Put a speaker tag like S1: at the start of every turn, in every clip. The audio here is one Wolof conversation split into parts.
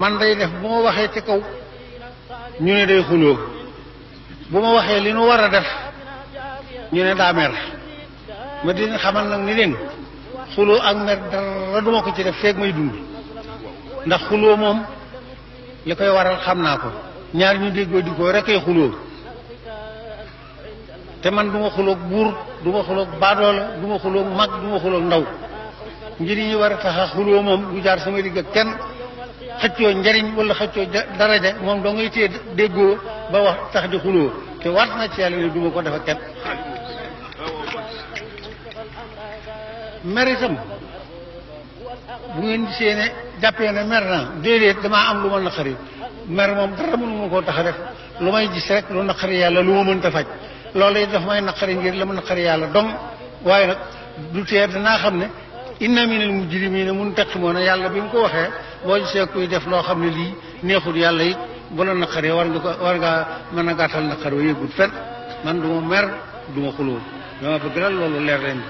S1: man day def bu ma waxee ci kaw ñu ne day xuloo bu ma waxee li nu war a def ñu ne daa mer ma di xamal nag ni leen xuloo ak mer dara duma ko ci def feeg may dund ndax xuloo moom li koy waral xam naa ko ñaar ñu déggoo di ko rek ay xuloo te man du ma xuloog buur du ma xuloog baadoola du ma xuloog mag du ma xuloog ndaw ngir yi war a tax a xuloo moom du jaar sama digg ak kenn xëccoo njariñ wala xëccoo ja moom doo ngay téye déggoo ba wax tax di xuloo te war na ci yàlla duma ko dafa kenn mer itam bu ngeen gisee ne jàppee ne mer naa déedéet damaa am lu ma naqari mer moom dara mënuma koo tax a def lu may gis rek lu naqari yàlla lu ma mënta faj loolu it dafa may naqari ngir la ma naqari yàlla dong waaye nag du teer danaa xam ne inna minal mujrimina mun taqimoon a yàlla bi mu ko waxee boo gisee kuy def loo xam ne lii neexul yàlla it bu la naqaree war nga ko war ngaa mën a gàttal naqar wa yëgul fen man du ma mer du ma xuloo dama bëgg lan loolu leer leen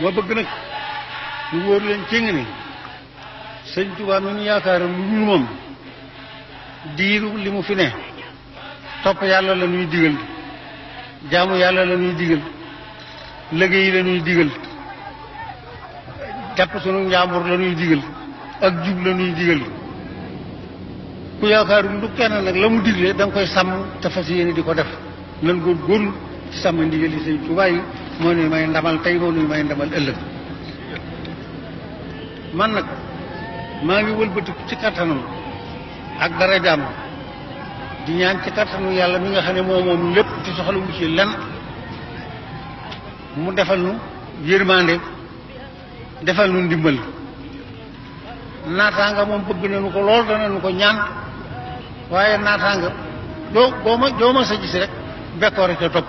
S1: ma bëgg nag ñu wóor leen cëng ni sëñ Tuubaa mi yaakaar lu ñu moom diiru li mu fi ne topp yàlla la ñuy digal jaamu yàlla la ñuy digal liggéey la ñuy digal tepp sunu njaambur la ñuy ak jub la ñuy ku yaakaar du kenn nag la mu digle danga koy sàmm te fas yéene di ko def nan góor góorlu ci sàmm ndigal yi sëñ Tuubaa yi moo nuy may ndamal tey moo nuy may ndamal ëllëg man nag maa ngi wëlbatiku ci kattanam ak dara jaam di ñaan ci kattanu yàlla mi nga xam ne moom moom lépp ci soxla wu lenn mu defal nu yërmande defal nu ndimbal naataanga moom bëgg nañu ko lool danañu ko ñaan waaye naataanga doo boo ma sa gis rek bekkoore ca topp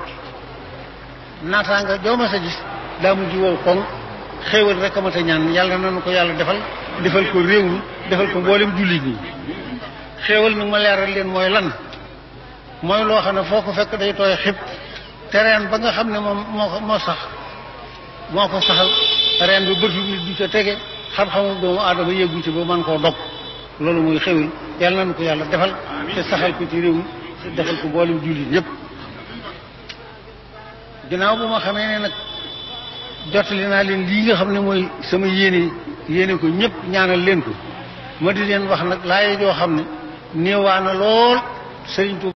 S1: naataanga doo ma sa gis daa mujj wow koŋ xéewal rek a mat a ñaan yàlla nañu ko yàlla defal defal ko réew defal ko mboolem jullit ñi xéewal nag ma leeral leen mooy lan mooy loo xam ne foo ko fekk day tooy xib terrain ba nga xam ne moom moo ko moo sax moo ko saxal reen bi bëtu nit du ca tege xam-xamu doomu aadama yëggu ci ba mën koo dog loolu mooy xewil yàlla nañu ko yàlla defal te saxal ko ci réew te defal ko boolem jullit ñëpp ginnaaw bu ma xamee ne nag jottali naa leen lii nga xam ne mooy sama yéene yéene ko ñëpp ñaanal leen ko ma di leen wax nag laay joo xam ne néewaa lool sëriñ